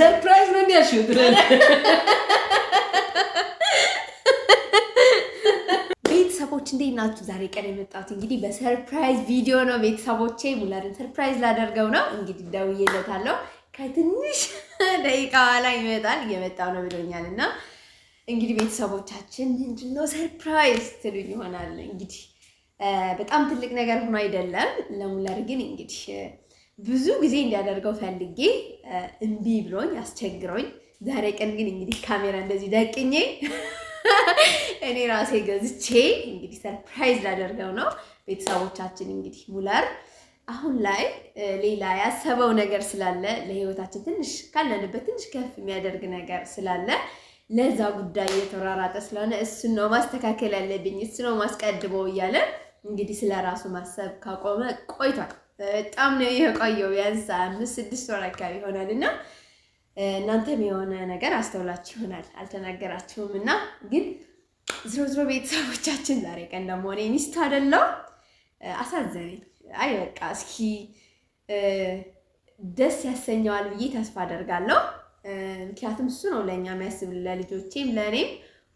ሰርፕራይዝ ነው እንዲያልሽው ቤተሰቦች እንዴት ናችሁ? ዛሬ ቀን የመጣሁት እንግዲህ በሰርፕራይዝ ቪዲዮ ነው። ቤተሰቦቼ ሙላድን ሰርፕራይዝ ላደርገው ነው። እንግዲህ ደውዬለታለሁ ከትንሽ ደቂቃ በኋላ ይመጣል። እየመጣው ነው ብሎኛል እና እንግዲህ ቤተሰቦቻችን ምንድን ነው ሰርፕራይዝ ትሉኝ ይሆናል። እንግዲህ በጣም ትልቅ ነገር ሆኖ አይደለም ለሙላድ ግን እንግዲህ ብዙ ጊዜ እንዲያደርገው ፈልጌ እምቢ ብሎኝ አስቸግሮኝ፣ ዛሬ ቀን ግን እንግዲህ ካሜራ እንደዚህ ደቅኜ እኔ ራሴ ገዝቼ እንግዲህ ሰርፕራይዝ ላደርገው ነው። ቤተሰቦቻችን እንግዲህ ሙለር አሁን ላይ ሌላ ያሰበው ነገር ስላለ ለህይወታችን ትንሽ ካለንበት ትንሽ ከፍ የሚያደርግ ነገር ስላለ ለዛ ጉዳይ እየተራራጠ ስለሆነ እሱን ነው ማስተካከል ያለብኝ፣ እሱ ነው ማስቀድመው እያለ እንግዲህ ስለ ራሱ ማሰብ ካቆመ ቆይቷል። በጣም ነው የቆየው። ቢያንስ አምስት ስድስት ወር አካባቢ ይሆናል እና እናንተም የሆነ ነገር አስተውላችሁ ይሆናል አልተናገራችሁም። እና ግን ዝሮ ዝሮ ቤተሰቦቻችን ዛሬ ቀን ደግሞ እኔ ሚስት አይደለው አሳዘነኝ። አይ በቃ እስኪ ደስ ያሰኘዋል ብዬ ተስፋ አደርጋለሁ። ምክንያቱም እሱ ነው ለእኛ የሚያስብ ለልጆቼም ለእኔም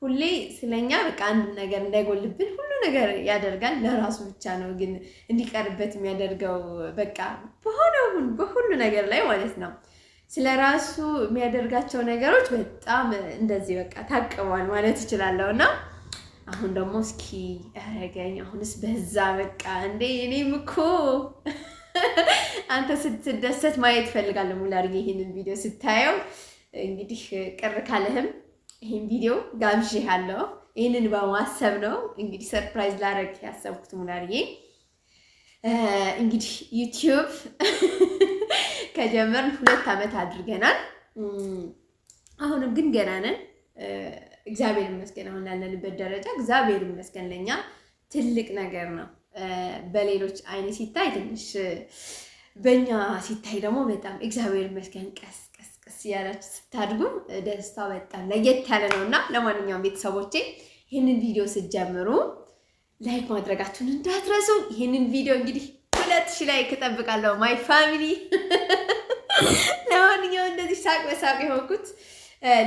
ሁሌ ስለኛ በቃ አንድ ነገር እንዳይጎልብን ሁሉ ነገር ያደርጋል። ለራሱ ብቻ ነው ግን እንዲቀርበት የሚያደርገው በቃ ሁን በሁሉ ነገር ላይ ማለት ነው። ስለ ራሱ የሚያደርጋቸው ነገሮች በጣም እንደዚህ በቃ ታቅቧል ማለት ይችላለሁ እና አሁን ደግሞ እስኪ ያረገኝ አሁንስ በዛ በቃ እንዴ እኔም እኮ አንተ ስትደሰት ማየት እፈልጋለሁ። ሙሉ ይህንን ቪዲዮ ስታየው እንግዲህ ቅር ካለህም ይህን ቪዲዮ ጋብዥ ያለው ይህንን በማሰብ ነው። እንግዲህ ሰርፕራይዝ ላደርግ ያሰብኩት ሙላዬ እንግዲህ ዩቲዩብ ከጀመርን ሁለት ዓመት አድርገናል። አሁንም ግን ገና ነን። እግዚአብሔር ይመስገን አሁን ያለንበት ደረጃ እግዚአብሔር ይመስገን ለእኛ ትልቅ ነገር ነው። በሌሎች አይነት ሲታይ ትንሽ፣ በእኛ ሲታይ ደግሞ በጣም እግዚአብሔር ይመስገን ቀስ እያላችሁ ስታድጉ ደስታ በጣም ለየት ያለ ነው እና ለማንኛውም ቤተሰቦቼ ይህንን ቪዲዮ ስትጀምሩ ላይክ ማድረጋችሁን እንዳትረሱ። ይህንን ቪዲዮ እንግዲህ ሁለት ሺህ ላይክ እጠብቃለሁ ማይ ፋሚሊ። ለማንኛውም እንደዚህ ሳቅ በሳቅ የሆንኩት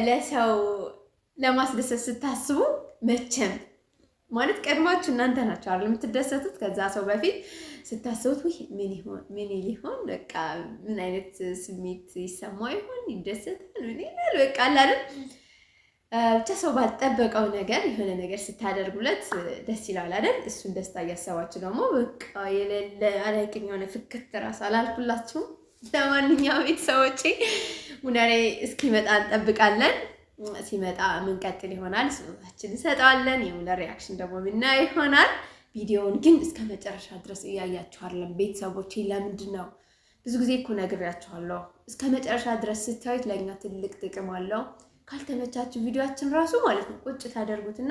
ለሰው ለማስደሰት ስታስቡ መቼም ማለት ቀድማችሁ እናንተ ናቸው አይደል የምትደሰቱት ከዛ ሰው በፊት ስታስቡት ውይ ምን ሊሆን በቃ ምን አይነት ስሜት ይሰማ ይሆን? ይደሰታል? ምን ይላል? በቃ አላለም ብቻ ሰው ባልጠበቀው ነገር የሆነ ነገር ስታደርጉለት ደስ ይላል አይደል? እሱን ደስታ እያሰባችሁ ደግሞ በቃ የሌለ አላውቅም የሆነ ፍክት ራስ አላልኩላችሁም። ለማንኛውም ቤተሰቦቼ ሙዳሬ እስኪመጣ እንጠብቃለን። ሲመጣ ምንቀጥል ይሆናል። ስጦታችን እንሰጠዋለን። የሙላ ሪያክሽን ደግሞ ምና ይሆናል ቪዲዮውን ግን እስከ መጨረሻ ድረስ እያያችኋለን ቤተሰቦቼ። ለምንድን ነው ብዙ ጊዜ እኮ ነግሬያችኋለሁ፣ እስከ መጨረሻ ድረስ ስታዩት ለእኛ ትልቅ ጥቅም አለው። ካልተመቻችሁ ቪዲዮችን ራሱ ማለት ነው ቁጭ ታደርጉትና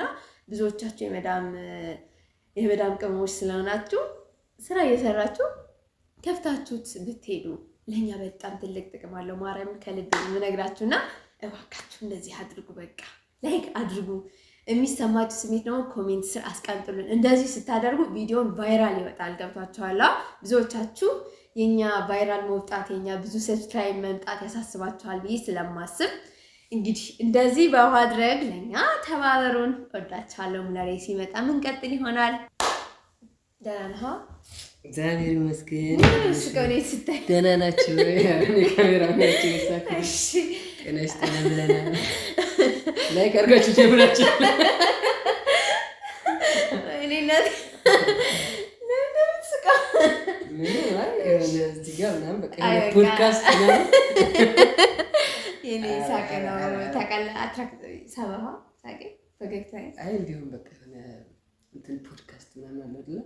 ብዙዎቻችሁ የመዳም ቅመሞች ስለሆናችሁ ስራ እየሰራችሁ ከፍታችሁት ብትሄዱ ለእኛ በጣም ትልቅ ጥቅም አለው። ማርያም ከልብ የምነግራችሁና እባካችሁ እንደዚህ አድርጉ። በቃ ላይክ አድርጉ። የሚሰማችሁ ስሜት ደግሞ ኮሜንት ስር አስቀምጡልን። እንደዚህ ስታደርጉ ቪዲዮን ቫይራል ይወጣል። ገብቷችኋል? ብዙዎቻችሁ የኛ ቫይራል መውጣት የኛ ብዙ ሰብስክራይብ መምጣት ያሳስባችኋል ብዬ ስለማስብ እንግዲህ እንደዚህ በማድረግ ለእኛ ተባበሩን። ወዳችኋለሁ። ሙለሬ ሲመጣ ምንቀጥል ይሆናል። ደህና ነህ? እግዚአብሔር ይመስገን። ስታይ ደህና ናቸው። ካሜራ ናቸው ጤና ይስጥልን ብለናል። ላይክ አድርጋችሁ ጀምራችሁ ፖድካስት ፈገግታ እንዲሁም በቃ ፖድካስት ምናምን አለ አይደለም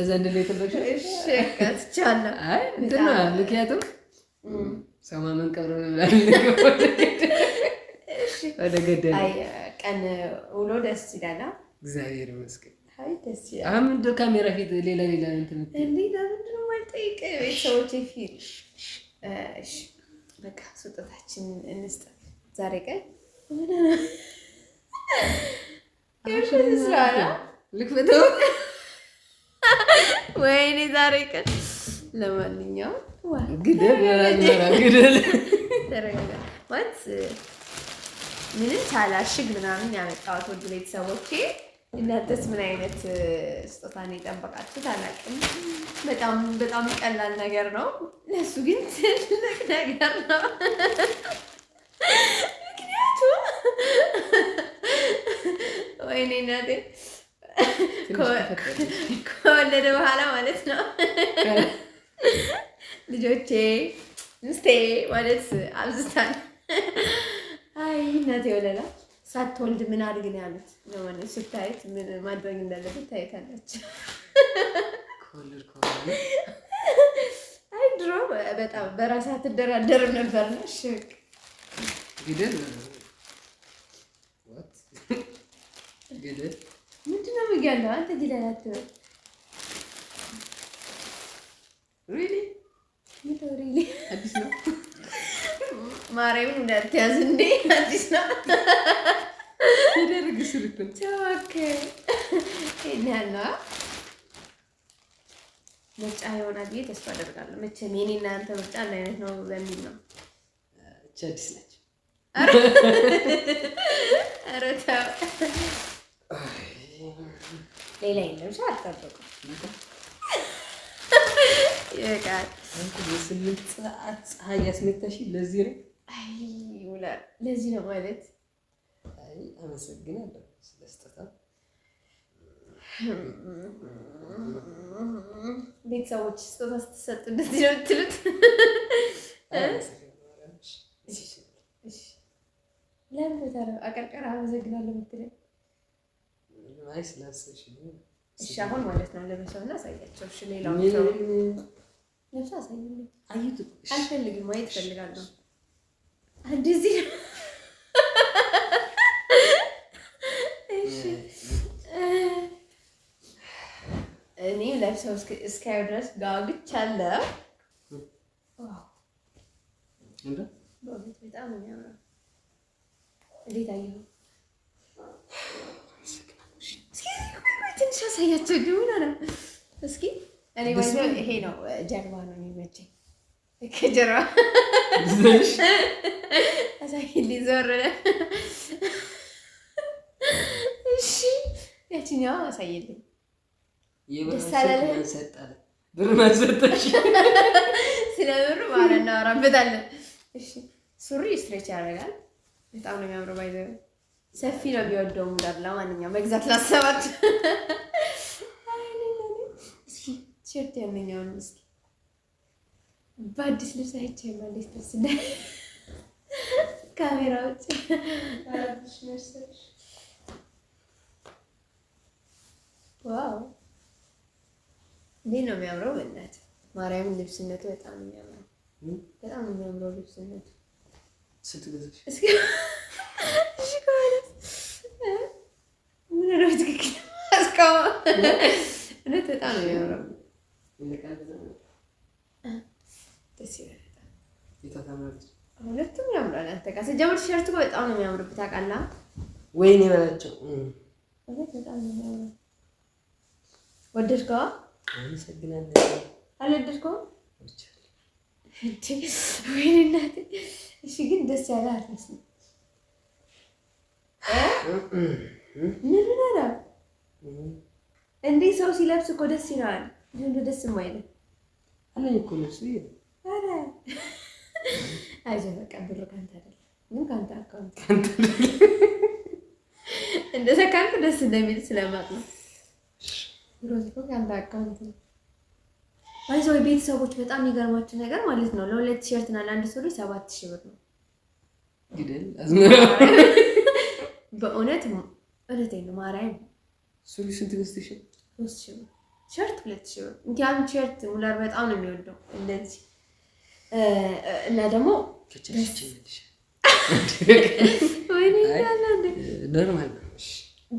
እንደዛ እንደ ምክንያቱም ሰው ሰማመን ቀብረ ወደ ገደል ቀን ውሎ ደስ ይላል። እግዚአብሔር ይመስገን። አሁን ምንድን ካሜራ ፊት ሌላ ሌላ እንትን እንዴት ምንድነው ነው ቤተሰቦች ቤተሰቦቼ ፊት በቃ ስጦታችን እንስጥ ዛሬ ቀን ልክፈተው ወይኔ ዛሬ ቀን ለማንኛውም ምንም ሳላሽግ ምናምን ያመጣሁት ውድ ቤተሰቦቼ፣ እናንተስ ምን አይነት ስጦታን የጠበቃችሁት አላውቅም። በጣም በጣም ቀላል ነገር ነው፣ ለእሱ ግን ትልቅ ነገር ነው። ምክንያቱም ወይኔ እናቴ ከወለደ በኋላ ማለት ነው ልጆቼ ምስቴ ማለት አብዝታል። አይ እናቴ ወለላ ሳትወልድ ምን አድርግ ነው ያሉት። ለማለት ስታየት ምን ማድረግ እንዳለበት ታየታለች። አይ ድሮ በጣም በራሳ ትደራደር ነበር ነው ሽቅ ግድል አምጋለሁ። አንተ ጅላላት ሪሊ ሪሊ አዲስ ነው። ማርያምን እንዳትያዝ እንዴ! አዲስ ነው። ይደርግ ስልኩን ኦኬ። ይሄና ምርጫ ይሆናል ብዬ ተስፋ አደርጋለሁ። መቼም የኔ እና አንተ ምርጫ አንድ አይነት ነው በሚል ነው። አዲስ ነች። ኧረ ተው ሌላ የለም። ሰው አልጠበቁም። ይበቃል። ስምንት ሰዓት ፀሐይ ያስመታሽ ለዚህ ነው። ለዚህ ነው ማለት አመሰግናለሁ ስለ ስጦታ። ቤተሰቦች ስጦታ ስትሰጡ እንደዚህ ነው የምትሉት? ለምን ቦታ ነው አቀርቀር አመሰግናለሁ የምትለው? እሺ አሁን ማለት ነው ለበሰው አሳያቸው። እሺ ሌላው ለብሰው አሳይልኝ። አልፈልግም፣ ማየት እፈልጋለሁ። እንደዚህ እኔ ለብሰው እስካየው ድረስ ጋግቻለሁ። በጣም የሚያምረው እንዴት አየኸው? ሲያሳያቸው ድምን አለ። እስኪ እኔ ይሄ ነው ጀርባ ነው የሚመቸኝ። ከጀርባ አሳይልኝ ዞር። እሺ ያችኛዋ አሳይልኝ። ብር ማሰጠሽ ስለ ብር ማለት እናወራበታለን። እሺ ሱሪ ስትሬች ያደርጋል። በጣም ነው የሚያምረው ባይዘ ሰፊ ነው ቢወደው ሙዳላ ማንኛውም መግዛት ላሰባት ቲሸርት ያንኛውን እስኪ በአዲስ ልብስ አይቻይም። ማለት ደስ እንዳለ ካሜራ ውጭ ዋው! እንዴት ነው የሚያምረው! በእናት ማርያምን ልብስነቱ በጣም የሚያምረው በጣም የሚያምረው ልብስነቱ የሚያስቀው እውነት በጣም ነው የሚያምረው። ሁለቱም ያምራል። አንተ ጋር ስጀምር ቲሸርቱ በጣም ነው የሚያምርብህ ታውቃለህ። ወይኔ በላቸው ወደድከዋ? አልወደድከውም? ወይኔ እናቴ። እሺ ግን ደስ ያለ አልመስልም። ምን ምን አለ እንዴ ሰው ሲለብስ እኮ ደስ ይለዋል። ዝም ደስ የማይለው አለኝ እኮ ልብስ ይሄ አረ አይዞ በቃ ብሩ ካንተ አይደለም ግን ካንተ አካውንት ካንተ እንደዛ ካንተ ደስ እንደሚል ስለማቅ ነው። ብሩ እኮ ካንተ አካውንት ነው። አይዞ ቤተሰቦች በጣም የሚገርማችሁ ነገር ማለት ነው ለሁለት ቲሸርት እና ለአንድ ሱሪ ሰባት ሺህ ብር ነው። ግደል አዝመራ በእውነት እውነቴን ነው ማርያም ሱሪ ስንት ገዝተሽ? ሶስት ሺህ ብር ሸርት ሁለት ሺህ ብር እንዲያም ሸርት ሙላር በጣም ነው የሚወደው እንደዚህ እና ደግሞ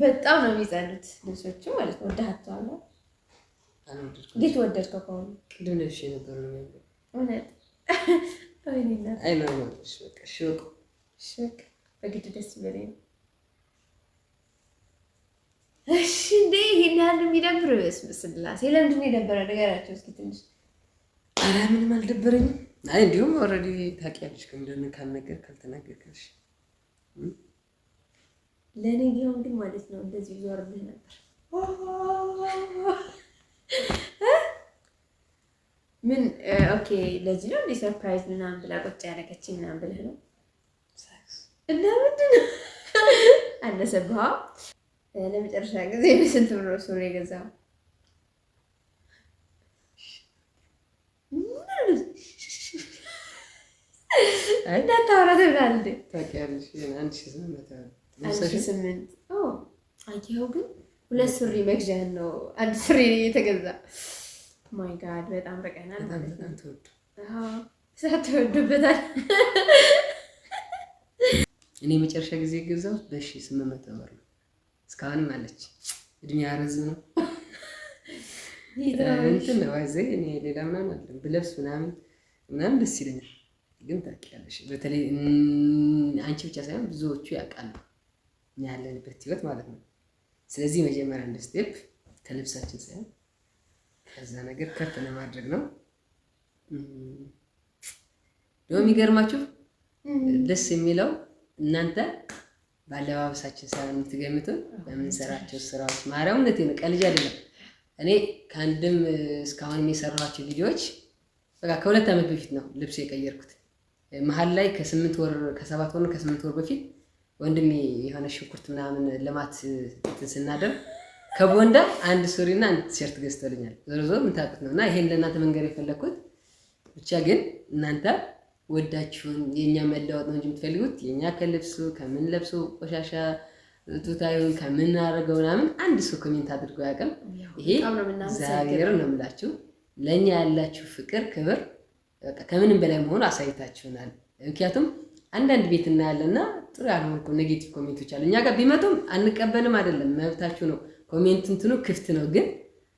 በጣም ነው የሚጸሉት ልብሶቹ ማለት ነው። ወደሃቸዋለ እንዴት ወደድከው? ከሆኑ ቅድም ለብሽ የነበረ እውነት በግድ ደስ ይበለኝ። እሺ እንዴ ይሄን ያህል የሚደብር በስመ ስላሴ ለምንድን የደበረ ነገራቸው? እስኪ ትንሽ ኧረ ምንም አልደበረኝም። አይ እንዲሁም ኦልሬዲ ታውቂያለሽ ከምንድን ካልነገር ካልተናገርከሽ ለእኔ ቢሆን ግን ማለት ነው እንደዚህ ብዙ ነበር። ምን ኦኬ፣ ለዚህ ነው እንደ ሰርፕራይዝ ምናምን ብላ ቁጭ ያደረገችኝ ምናምን ብለህ ነው እና ምንድን ነው አነሰብህ ለመጨረሻ ጊዜ በስንት ብር ሰው ነው የገዛው? እንዳታወራ ትብላለህ። ታውቂያለሽ አንድ ሺህ ስምንት አየኸው። ግን ሁለት ሱሪ መግዣህን ነው አንድ ሱሪ የተገዛ። ማይ ጋድ በጣም ርቀናል ተወዱበታል። እኔ የመጨረሻ ጊዜ የገዛሁት በሺህ ስምንት መቶ ብር ነው። እስካሁንም አለች። እድሜ ያረዝም ነው እንትን ነው አይዘህ እኔ ሌላ ምናምን አለም ብለብስ ምናምን ምናምን ደስ ይለኛል። ግን ታውቂያለሽ፣ በተለይ አንቺ ብቻ ሳይሆን ብዙዎቹ ያውቃሉ ያለንበት ህይወት ማለት ነው። ስለዚህ መጀመሪያ እንደ ስቴፕ ከልብሳችን ሳይሆን ከዛ ነገር ከፍ ለማድረግ ነው። ደግሞ የሚገርማችሁ ደስ የሚለው እናንተ በአለባበሳችን ሳይሆን የምትገምቱን በምንሰራቸው ስራዎች ማርያም፣ እውነቴን ነው። ቀልጅ አይደለም። እኔ ከአንድም እስካሁን የሰራኋቸው ቪዲዮዎች በቃ ከሁለት ዓመት በፊት ነው ልብስ የቀየርኩት። መሀል ላይ ከስምንት ወር ከሰባት ወር ከስምንት ወር በፊት ወንድሜ የሆነ ሽንኩርት ምናምን ልማት እንትን ስናደርግ ከቦንዳ አንድ ሱሪና አንድ ቲሸርት ገዝቶልኛል። ዞሮ ዞሮ የምታውቁት ነው እና ይሄን ለእናንተ መንገድ የፈለግኩት ብቻ ግን እናንተ ወዳችሁን የእኛ መለወጥ ነው እንጂ የምትፈልጉት የእኛ ከልብሱ ከምን ለብሶ ቆሻሻ ቱታዩን ከምናደርገው ምናምን አንድ ሰው ኮሜንት አድርጎ ያቅም። ይሄ እግዚአብሔር ነው የምላችሁ። ለእኛ ያላችሁ ፍቅር፣ ክብር ከምንም በላይ መሆኑ አሳይታችሁናል። ምክንያቱም አንዳንድ ቤት እናያለና ጥሩ ያልሆንኩ ኔጌቲቭ ኮሜንቶች አሉ። እኛ ጋር ቢመጡም አንቀበልም አይደለም፣ መብታችሁ ነው። ኮሜንት እንትኑ ክፍት ነው። ግን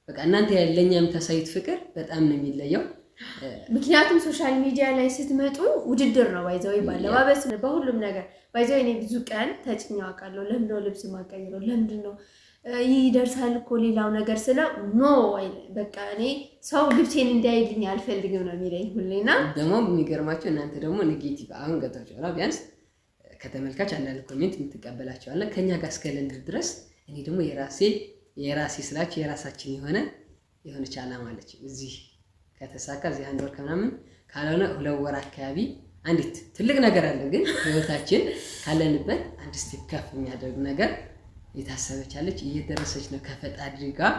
በቃ እናንተ ለእኛ የምታሳዩት ፍቅር በጣም ነው የሚለየው። ምክንያቱም ሶሻል ሚዲያ ላይ ስትመጡ ውድድር ነው ባይዘወይ ባለባበስ በሁሉም ነገር ባይዘወይ። እኔ ብዙ ቀን ተጭኛ አውቃለሁ። ለምንድነው ልብስ ማቀይረው? ለምንድን ነው ይደርሳል እኮ ሌላው ነገር ስለ ኖ በቃ እኔ ሰው ልብሴን እንዲያይልኝ አልፈልግም ነው የሚለኝ ሁሌና። ደግሞ የሚገርማቸው እናንተ ደግሞ ኔጌቲቭ አሁን ገብታችኋል። ቢያንስ ከተመልካች አንዳንድ ኮሜንት የምትቀበላቸዋለን አለ ከእኛ ጋር እስከለንድር ድረስ እኔ ደግሞ የራሴ የራሴ ስላቸው የራሳችን የሆነ የሆነች አላማለች እዚህ ከተሳካ እዚህ አንድ ወር ከምናምን ካልሆነ ሁለት ወር አካባቢ አንዲት ትልቅ ነገር አለ። ግን ህይወታችን ካለንበት አንድ ስቴፕ ከፍ የሚያደርግ ነገር የታሰበች አለች እየደረሰች ነው ከፈጣሪ ጋር።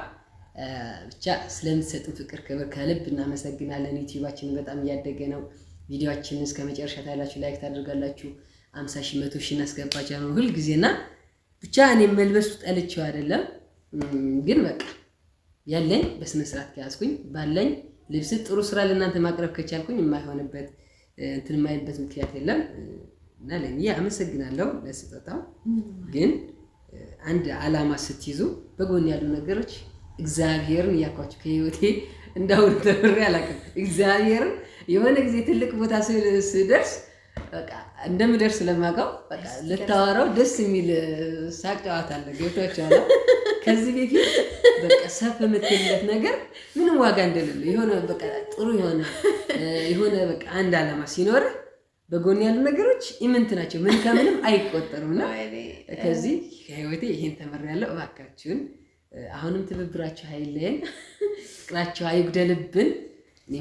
ብቻ ስለምትሰጡን ፍቅር፣ ክብር ከልብ እናመሰግናለን። ዩቲዩባችንን በጣም እያደገ ነው። ቪዲዮችንን እስከ መጨረሻ ታያላችሁ፣ ላይክ ታደርጋላችሁ። አምሳ ሺህ መቶ ሺህ እናስገባቻ ነው ሁል ሁልጊዜና ብቻ እኔ መልበሱ ጠልቼው አይደለም፣ ግን በቃ ያለኝ በስነ ከያዝኩኝ ባለኝ ልብስ ጥሩ ስራ ለእናንተ ማቅረብ ከቻልኩኝ የማይሆንበት እንትን የማይበት ምክንያት የለም እና ለ አመሰግናለሁ ለስጦታው። ግን አንድ አላማ ስትይዙ በጎን ያሉ ነገሮች እግዚአብሔርን እያኳቸው ከህይወቴ እንዳሁን ተምሬ አላውቅም። እግዚአብሔርን የሆነ ጊዜ ትልቅ ቦታ ስደርስ እንደምደርስ ለማቀው በቃ ልታወራው ደስ የሚል ሳቅ ጨዋታ አለ። ገብቶች አለ ከዚህ በፊት በቃ ሰፍ የምትልለት ነገር ምንም ዋጋ እንደሌለ የሆነ በቃ ጥሩ የሆነ የሆነ በቃ አንድ አላማ ሲኖር በጎን ያሉ ነገሮች ኢምንት ናቸው። ምን ከምንም አይቆጠሩም። እና ከዚህ ከህይወቴ ይሄን ተምሬያለሁ። እባካችሁን አሁንም ትብብራችሁ አይለየን፣ ፍቅራችሁ አይጉደልብን።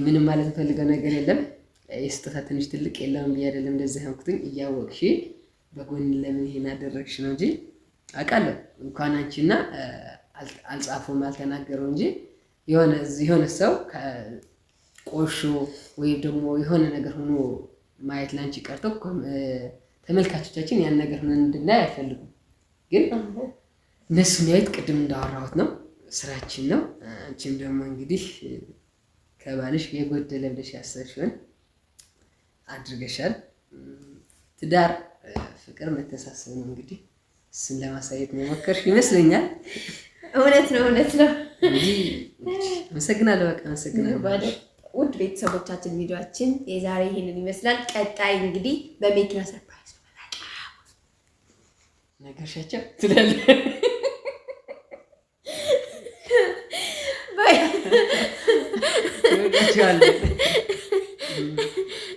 ምንም ማለት ፈልገው ነገር የለም። የስጦታ ትንሽ ትልቅ የለውም ብዬ አይደለም እንደዚህ ያልኩትኝ። እያወቅሽ በጎን ለምን ይሄን አደረግሽ ነው እንጂ አውቃለሁ። እንኳን አንቺና አልጻፈውም አልተናገረው እንጂ የሆነ ሰው ቆሾ ወይም ደግሞ የሆነ ነገር ሆኖ ማየት ላንቺ ቀርቶ ተመልካቾቻችን ያን ነገር ሆነን እንድናይ አይፈልጉም። ግን እነሱ የሚያዩት ቅድም እንዳወራሁት ነው፣ ስራችን ነው። አንቺም ደግሞ እንግዲህ ከባልሽ የጎደለ ብለሽ ያሰብሽውን አድርገሻል። ትዳር ፍቅር፣ መተሳሰብ ነው እንግዲህ እሱን ለማሳየት የሞከርሽ ይመስለኛል። እውነት ነው፣ እውነት ነው። አመሰግናለሁ። በቃ አመሰግናለሁ። ውድ ቤተሰቦቻችን ቪዲዮችን የዛሬ ይህንን ይመስላል። ቀጣይ እንግዲህ በመኪና ሰርፕራይዝ ነገርሻቸው ትላለ ባይ